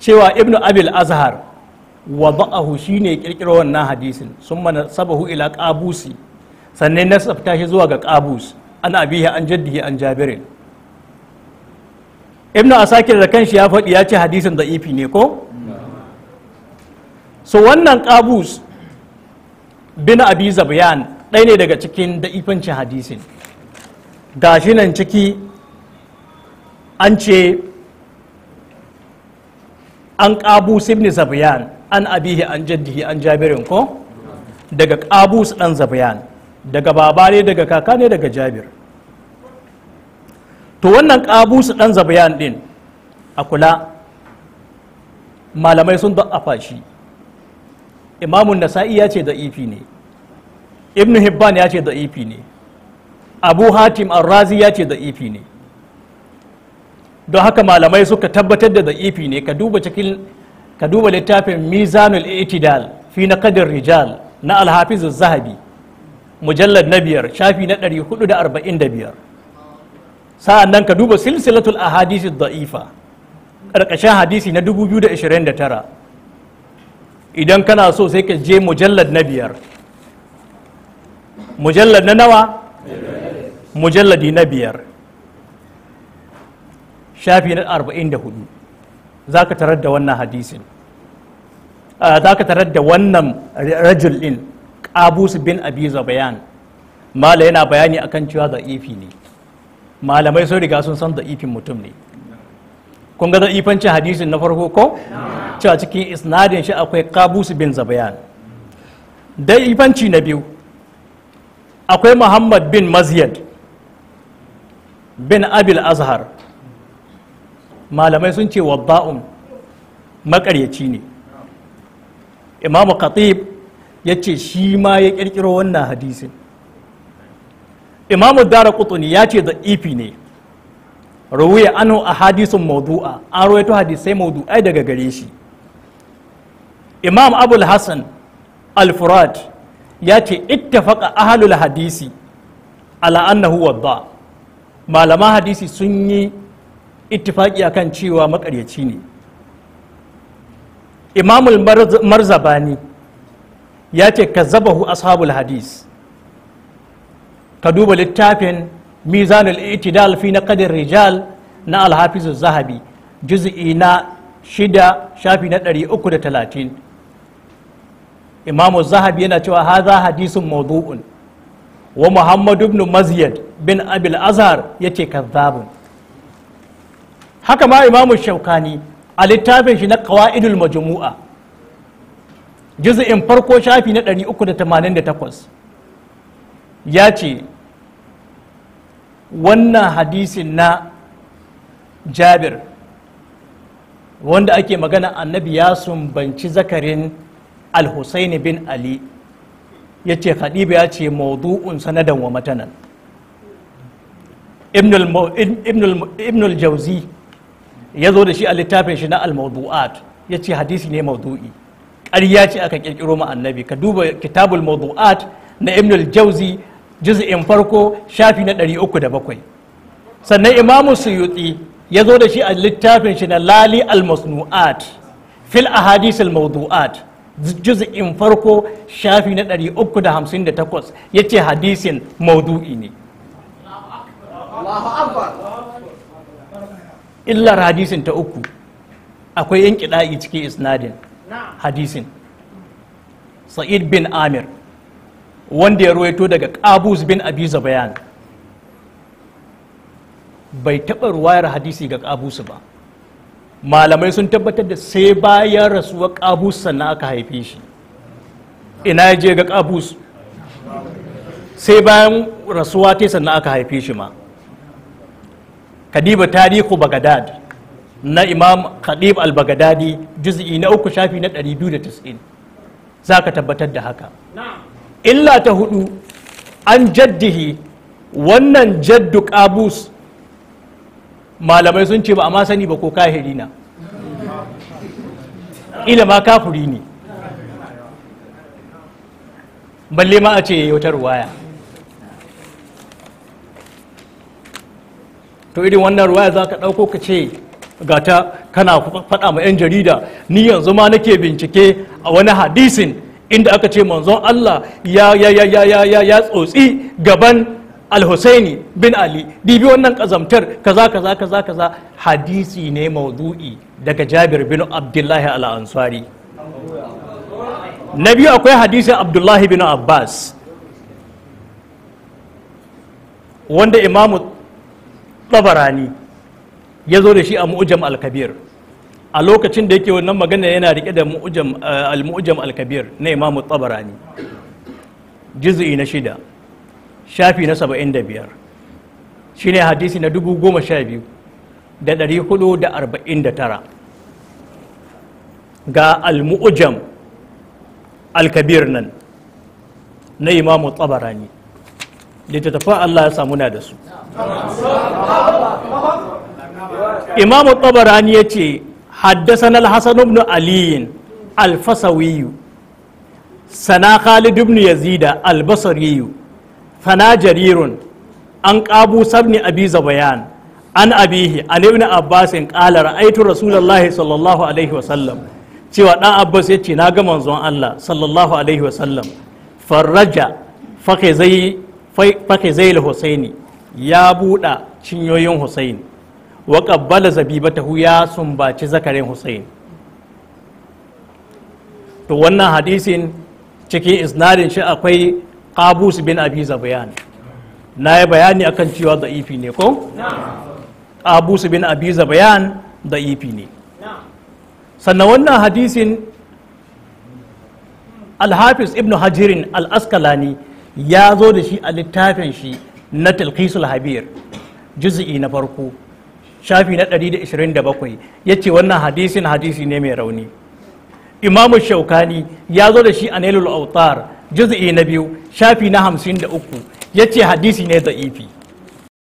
cewa ibnu abil azhar wa shi ne kirkiro wannan hadisin sun mana sabahu ila qabusi sannan safta shi zuwa ga qabus an abihi an jaddihi an jabirin ibnu asakir da kanshi ya faɗi ya ce hadisin da ifi ne ko so wannan qabus bin abi zabyan ɗaya ne daga cikin da ifancin hadisin shi nan ciki an ce an ƙabu ibn zabyan an abihi an jaddihi an jabirin ko daga qabus dan zabiyan daga baba ne daga kaka ne daga jabir to wannan qabus dan zabiyan din a kula malamai sun da afashi imamun nasa'i ya ce ifi ne ibn hibban ya ce ifi ne abu hatim arrazi ya ce ifi ne don haka malamai suka tabbatar da ifi ne ka duba cikin ka duba littafin mizanul itidal fi na kadin rijal na alhafizu zahabi mujallar na biyar shafi na 445 sa'an nan ka duba silsilatul ahadisi da'ifa ƙarƙashin hadisi na 2029 idan kana so sai ka je mujallar na biyar mujallar na nawa mujalladi na biyar shafi na 44 za ka tarar da wannan hadisin za ka tarar da wannan rajul din qabus bin abi bayan. mala yana bayani akan cewa za'ifi ne malamai sun riga sun san za'ifin mutum ne kun ga za'ifancin hadisin na farko ko cewa cikin isnadin shi akwai qabus bin zabayan da'ifanci na biyu akwai muhammad bin maziyad bin abil azhar malamai sun ce wabba'un makaryaci ne imamu khatib ya ce shi ma ya kirkiro wannan hadisin imamu dara kutuni ya ce da ifi ne rawuya anu a hadisun maudu'a an rawaito hadisai maudu'ai daga gare shi imam abul hassan al-furat ya ce ittafaqa ahalul hadisi ala annahu wadda malaman hadisi sun yi ittifaki akan cewa makaryaci ne imamul marzabani ya ce ka zabahu ashabul hadis ka duba littafin mizanul itidal fi na kadin rijal na alhafizu zahabi juz'i na shida shafi na ɗari uku da talatin imamu zahabi yana cewa haza hadisun mawdu'un wa muhammadu ibn maziyad bin abil azhar ya ce kazzabun haka ma imamu shaukani a littafin shi na kawa'idul majmu'a juz'in farko shafi na 388 ya ce wannan hadisin na jabir wanda ake magana annabi ya sumbanci zakarin al-husaini bin ali ya ce khadiba ya ce maudu'un sanadan wa matanan ibnul jauzi ya zo da shi a littafin shi na al-mawdu'at ya ce hadisi ne mawdu'i ƙarya ce aka ƙirƙiro ma annabi ka duba kitabul mawdu'at na ibn al-jawzi juz'in farko shafi na 307 sannan imamu suyuti ya zo da shi a littafin shi na lali al-masnu'at fil ahadith al-mawdu'at juz'in farko shafi na 358 yace hadisin mawdu'i ne Allahu akbar illar hadisin ta uku akwai yan kida'i cikin isnadin hadisin sa'id bin amir wanda ya ruwaito daga qabus bin abi zabayan bai taɓa ruwayar hadisi ga qabus ba malamai sun tabbatar da sai bayan rasuwar qabus sannan aka haife shi ina je ga qabus sai bayan rasuwa ta sannan aka haife shi ma kadiba tarihu bagadad na imam khadib al-bagadadi juz'i na uku shafi na 290 za ka tabbatar da haka illa ta hudu an jaddihi wannan jaddu kabus malamai sun ce ba a ma sani ba ko kahiri na ila ma kafuri ne balle ma a ce yautar waya to irin wannan ya za ka ɗauko ka ce gata kana faɗa ma 'yan jarida ni yanzu ma nake bincike a wani hadisin inda aka ce manzon Allah ya ya ya ya ya ya ya tsotsi gaban al-Husaini bin Ali dibi wannan kazamtar kaza kaza kaza kaza hadisi ne maudu'i daga Jabir bin Abdullahi al-Ansari na biyu akwai hadisin Abdullahi bin Abbas wanda imamu tabarani ya zo da shi a mu'ujam al-kabir a lokacin da yake wannan magana yana rike da eh, al al-kabir na imam tabarani juz'i na shida shafi na saba'in da biyar shine hadisi na dubu goma sha biyu da ɗari hudu da arba'in da tara ga al muujam al-kabir nan na imamu tabarani littattafan Allah ya samu na da su imam tabarani ya ce haddasa al hassan ibn aliyin al fasawiyu sana khalid ibn Yazida al basariyu sana jarirun an ƙabu sabni abi zabayan an abihi an ibn abbas qala aitu rasulullahi sallallahu alaihi wa cewa ɗan abbas ya ce na ga manzon Allah sallallahu alaihi wa farraja fa zai zai da husaini ya buɗa cinyoyin husaini wa ƙabbala zabibatahu ya sumbaci zakarin Hussaini. to wannan hadisin cikin isnadin shi akwai qabus bin abi zabayan na yi bayani akan cewa da ifi ne ko qabus bin abi zabayan da ifi ne sannan wannan hadisin alhafiz ibn hajirin al-askalani ya zo da shi a littafin shi na talkisul habir juz'i na farko shafi na 127 ya ce wannan hadisin hadisi ne mai rauni imamu shaukani ya zo da shi a nailul autar juz'i na biyu shafi na 53 ya ce hadisi ne za'ifi